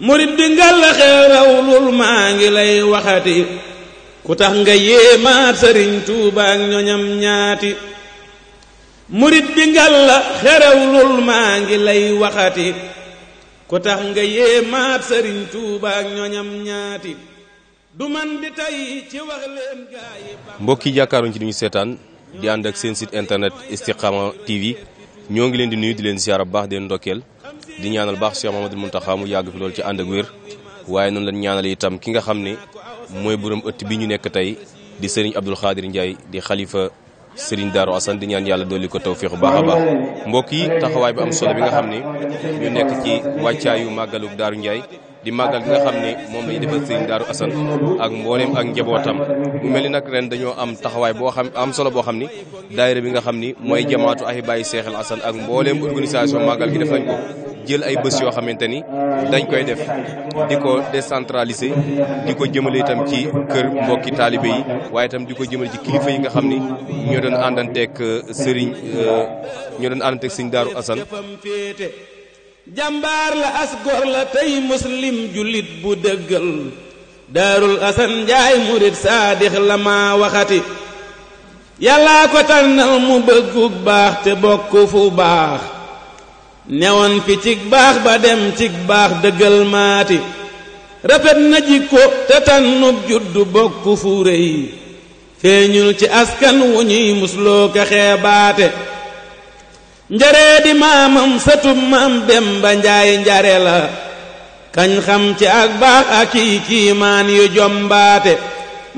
murit bi ngal la xew rawlul maa ngi lay waxati ku tax nga yéemaat sëriñ Tuuba ñaati murit bi ngi lay waxati ku tax nga yéemaat sëriñ Tuuba ak ñoñam ñaati du man di tey ci wax leen gaa yi mbokki jàkkaaruñ ci duñu seetaan di ànd ak seen site internet Istikhama TV ñoo ngi leen di nuyu di leen siyaara bu baax di leen ndokkeel di ñaanal baax Cheikh Mamadou Mountakha mu yàgg fi loolu ci ànd ak wér waaye noonu lañ ñaanal itam ki nga xam ne mooy borom ëtt bi ñu nekk tey di sëriñ Abdoul Khadir Ndiaye di xalifa sëriñ Darou Assane di ñaan yàlla dolli ko tawfiix baax a baax mbokk yi taxawaay bi am solo bi nga xam ne ñu nekk ci wàccaayu màggalu Darou Ndiaye di màggal gi nga xam ne moom lañu defal sëriñ Daaru Assane ak mboolem ak njabootam mu mel ni nag ren dañoo am taxawaay boo xam am solo boo xam ni daayira bi nga xam ni mooy jamaatu Ahibahil Cheikhoul Assane ak mboolem organisation màggal gi def jël ay bés yoo xamante ni dañ koy def di ko décentralisé di ko jëmale itam ci kër mbokki taalibe yi waaye itam di ko jëmale ci kilifa yi nga xam ni ñoo doon àndanteeg euh, sëriñ euh, ñoo doon àndanteeg sëriñ Daaru Assane jàmbaar la as gor la tey muslim jullit bu dëggal daarul asan njaay murit saadix la maa waxati yàllaa ko tànnal mu bëggug baax te bokk fu baax newoon fi cig baax ba dem cig baax dëggal maati rafet na jikko te tànnub juddu bokk fu rëy feeñul ci askan wu ñuy musloo ka xeebaate njare di maamam sëtub maam Demba Njaay njare la kañ xam ci ak baax ak i kiimaan yu jombaate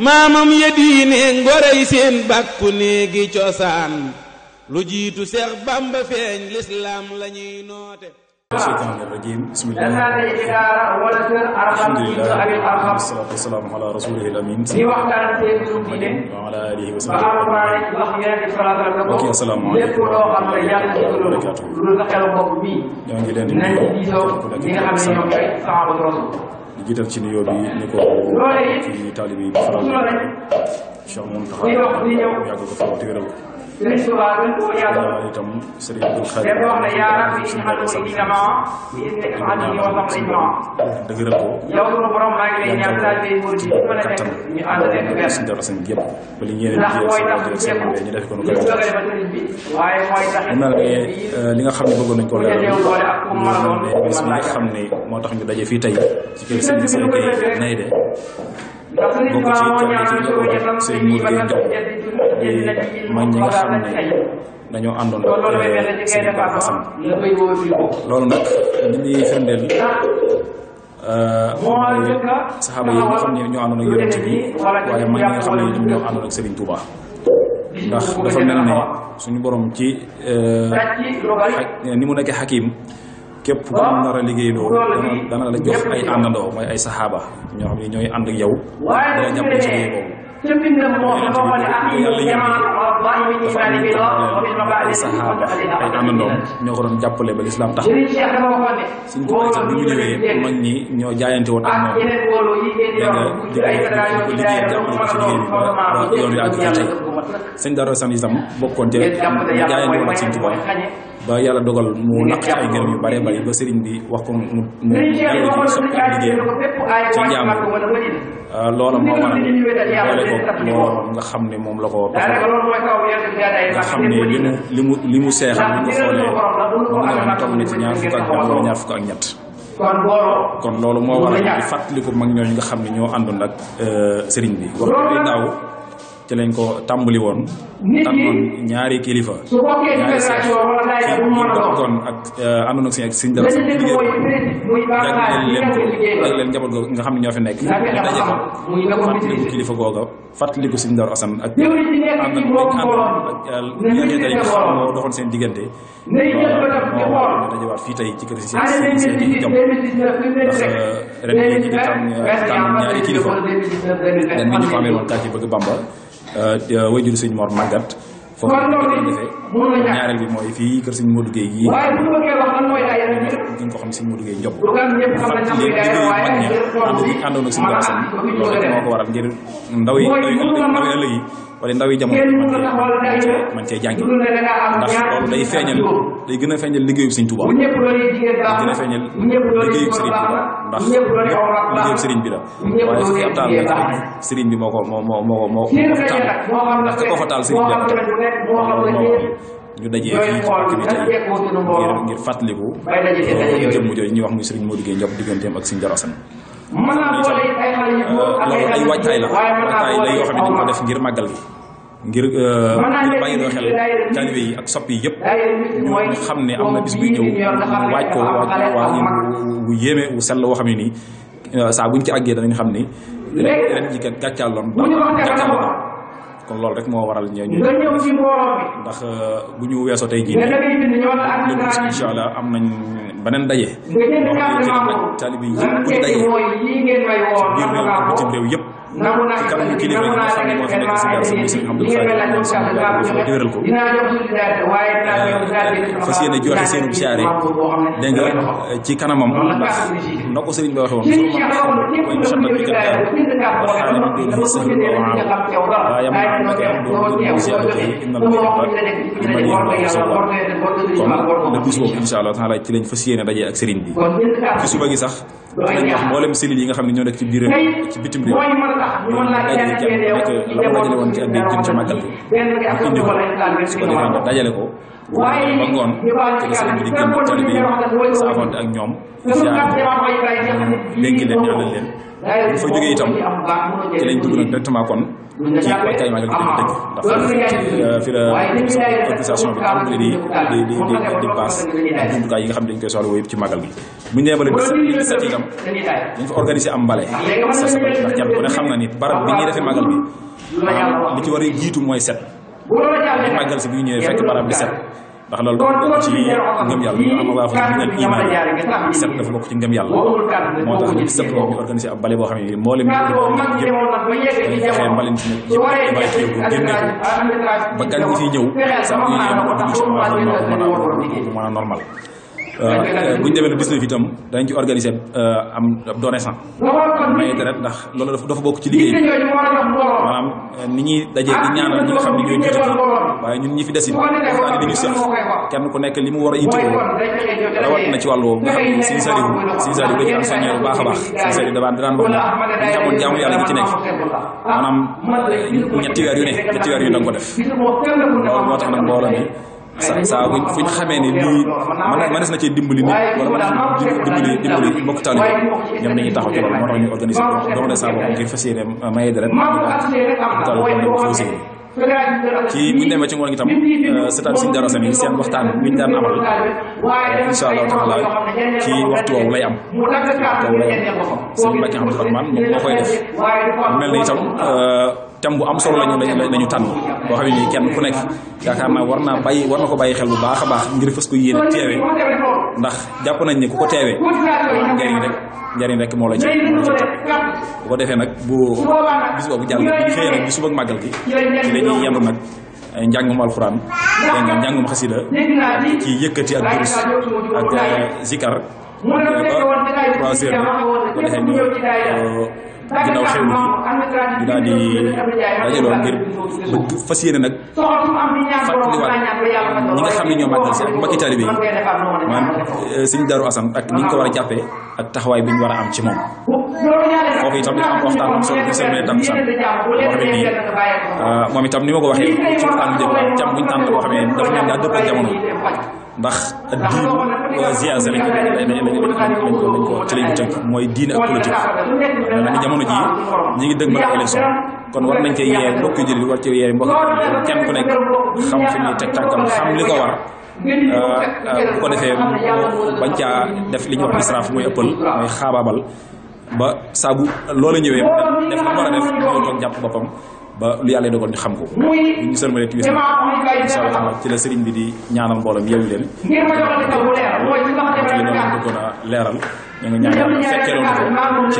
maamam ya diine ngorey seen bàkku néegi cosaan lu jiitu Seex Bamba feeñ lislaam lañuy noote الشيطان الرجيم بسم الله الحمد لله والصلاة والسلام على رسوله الأمين وعلى آله وصحبه وكي السلام عليكم ورحمة الله وبركاته ñoo ngi leen di di jiital ci nuyoo bi ni ko kii taalibe bi faral Cheikh Mountakha yàgg ko fa te wéral ko Sëriñ Tuubaa gën koo yàgg itam Sëriñ Abdul Xaadir dafa wax ne yaa rabbi ij'al muriidi namaa bi iznika fa'alni wa sam ijmaa dëgëral ko yow sunu borom maa ngi lay ñaan daal di wóor ci mën a nekk ñu ànd nekk benn suñu dara sañ gépp ba li ñeneen ndax mooy tax ñu def ko ñu bëgg a defal sëriñ bi waaye mooy tax mu mel ne li nga xam ne bëggoon nañ ko leeral ne bis bi nga xam ne moo tax ñu daje fii tey ci kër sëriñ bi sëriñ kay nay de bokk ci coalition ak sëñ Mour Gueye Ndiaye mag ñi nga xam ne dañoo àndoon ak sëñ Pape Assane loolu nag yi nga xam ñoo àndoon ak bi waaye mag ñi nga xam ndax dafa mel ne suñu borom ci ni mu nekkee xakim. képp ku mu nar a liggéey loo dana dana la jox ay àndandoo ay saxaaba ñoo xam ne ñooy ànd ak yow dana jàpp ci liggéey boobu ca mbindam moo xamal ne am nañu jamono baax na ñu daal di ay saxaaba ay amandoom ñoo ko doon jàppale ba lislaam tax suñ ko waxee bi mu ñëwee mag ñi ñoo jaayante woon ak moom dégg nga di ko liggéey jàppale ko ci liggéey bi ba yoon wi àgg fi tey sëñ Darou Assane itam bokkoon ci jaayante woon ak sëñ Tuubaa ba yàlla dogal mu lakk ci ay ngërëm yu bare bare ba sëriñ bi wax ko mu mu yàlla ci soppi ah, ko nga xam ne moom la ko doxal nga xam ne li mu li mu li mu seexal li moom nga wax ne toll ci ñaar fukk ak benn kon loolu moo waral di fàttaliku mag ñooñu nga xam ne ñoo àndoon ak euh, sëriñ bi wax dëgg daaw ci lañ ko tàmbali woon tànnoon ñaari kilifa ñaari seex kon eh, nga xam ne ñoo fi nekk kilifa googa fàttaliku siñ dara asan ak àndoon ak àndoon ak ñaari eh, seen diggante waaw dañuy waat fii tey ci kër si seen seen seen kii jom ndax ngi tànn tànn ñaari kilifa ren bi ñu ko amee woon kàcce bëgg Bamba wajur sëñ Mor Magat foofu la ñu defee ñaareel bi mooy fii kër sëñ ñu ko xam sëñ Modou Gueye mag ña àndoon ak sëñ Galassane moo ko waral ngir ndaw yi ndaw yi ëllëg yi wala ndaw yi jamono man cee man cee jàngi ndax day feeñal day gën a ndax liggéeyu sëriñ bi la bi moo ko moo moo moo moo fa taal ndax ka ko fa taal ñu dajee fii ci pàkk ngir ngir fàttaliku jëmm jooju ñuy wax muy Serigne Modou Gueye Ndiop digganteem ak Serigne Dara loolu ay waajtaay la waajtaay la yoo xam ne ngir màggal gi ngir euh, ngir bàyyi loo xel taalibe yi ak sopp yi yëpp ñu xam ne am na bis buy ñëw waaj ko waaj waa wu yéeme wu sell woo xam ne nii euh, saa buñ ci àggee danañ xam ni ren ji kat gàccaaloon gàccaaloon kon loolu rek moo waral ñooñu ndax euh, bu ñu weesoo tey jii nii lépp incha allah am nañ beneen daje boo xam ne ci la taalibe yi yëpp yëpp ci kanamu kilifa yi nga xam ne moo fi boo fi dëgëral ko fas yéene joxe seen dégg nga ci kanamam ndax na ko sëriñ bi waxee woon koy musanna bi kat daal ci lañ fas yéene dajee ak sëriñ bi ci suba gi sax ci lañ wax mboolem yi nga xam ne ñoo nekk ci biir ci bitim réew ñu mën laa dajale la mu dajale woon ci addi jëm ca màggal gi mu indi ko su ko defee nga dajale ko waaye ba ngoon ci la bi di gën a tali bi saafonte ak ñoom ziar dénk leen ñaanal leen bu fa jógee itam ci lañ dugg nag directement kon ci fi la organisation bi tàmbali di di baas ak jumtukaay yi nga xam ne dañ koy soxla yëpp ci magal bi bu ñu demee ba set itam dañ fa organiser am mbale sa sa ndax kenn ku ne xam na ni barab bi ñuy defee magal bi li ci war a jiitu mooy set màggal si bu ñu fekk barab bi set ndax loolu dafa bokk ci ngëm bokk ci ngëm yàlla moo tax ñu set boobu ñu organisé ab bale boo xam ne mboolem ñu yëpp fexe yëpp évacué ko ba gan ñi fiy ñëw ñu ñëwee mën a dugg ci environnement bu mën a normal Euh, euh, bu ñu demee le 19 itam dañ ci organiser euh, am donation maye deret ndax loolu dafa dafa bokk ci liggéey bi maanaam ni ñuy dajee di ñaanal ñi nga xam ne ñooy jiite waaye ñun ñi fi desin waxtaan bi kenn ku nekk li mu war a yittewoo rawat na ci wàllu woowu nga xam ne Sëriñ Saliou Sëriñ Saliou da ci am soññee bu baax a baax Sëriñ Saliou dabaan dinaan wax ne bu ñu xamoon jaamu yàlla gi ci nekk maanaam ñetti weer yu ne ñetti weer yu da nga ko def loolu moo tax nag mbooloo sa saa buñ fuñ xamee ne lii mën mënees na cee dimbali nit wala mënees na dimbali dimbali mbokk taalibe ñoom dañuy taxaw ci loolu moo tax ñu organisé donc de saa boobu ngir fas yéene maye deret a buñ demee ci ngoon gi tam euh, seetaan suñu dara seen waxtaan wiñ daan amal euh, insha allah taala waxtu woowu lay am waxtu woowu lay am sëñ Mbacke Xamdul Rahman moom moo koy def mel na itam euh, thème bu am solo lañu lañu tànn boo xam ne kenn ku nekk yaakaar naa war naa bàyyi war na ko bàyyi xel bu baax a baax ngir fës ko yéene teewee ndax jàpp nañ ne ku ko teewee njariñ rek njariñ rek moo la ci la ci bu ko defee nag bu bis boobu jàll bu ñu nag bi suba ak màggal gi ci dañuy yendu nag njàngum alxuraan dégg nga njàngum xasida ci yëkkati ak durus ak euh, zikar ak euh, ba trois heures defee ñu euh, ginnaaw xew na fi ñu daal di dajaloo ngir bëgg fas yéene nag fàttaliwaat ñi nga xam ne ñoo màggal si ak mbokki taalibe yi maanaam eh, suñu Daaru ko war a jàppee ak taxawaay bi ñu war a am ci moom. foofu itam dafa am waxtaan am solo bu seen ah, mënee ko waxee ci waxtaan bi jëm jàmm bu ñu tànn boo ne dafa mel jamono ndax diin GIZ lañ a lañ ko lañ ko ci lañ ko tënk mooy diine ak politique waaw ni jamono jii ñi ngi dëgg a élection kon war nañ cee yee mbokki jullit war ci yee mbokk kenn ku nekk xam fi muy teg tànkam xam li ko war bu ko defee bañ caa def li ñuy wax israaf muy ëppal mooy xaabaabal ba saabu loola ñëwee def la war a def ñoo toog jàpp boppam ba lu yàlla dogal xam ko ci la sëriñ bi di ñaanal mboolem yeewu leen ci la a leeral ñu ngi ñaan yàlla fekkee loolu ko ci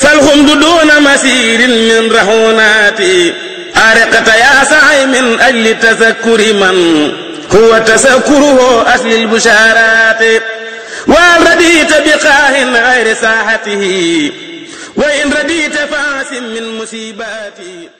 wa rahmatullahi masirin min rahunaati araqata yaa min ajli tasakkuri man huwa tasakkuruhu asli lbusharaati وإن رديت بقاه غير ساحته وإن رديت فاس من مصيباتي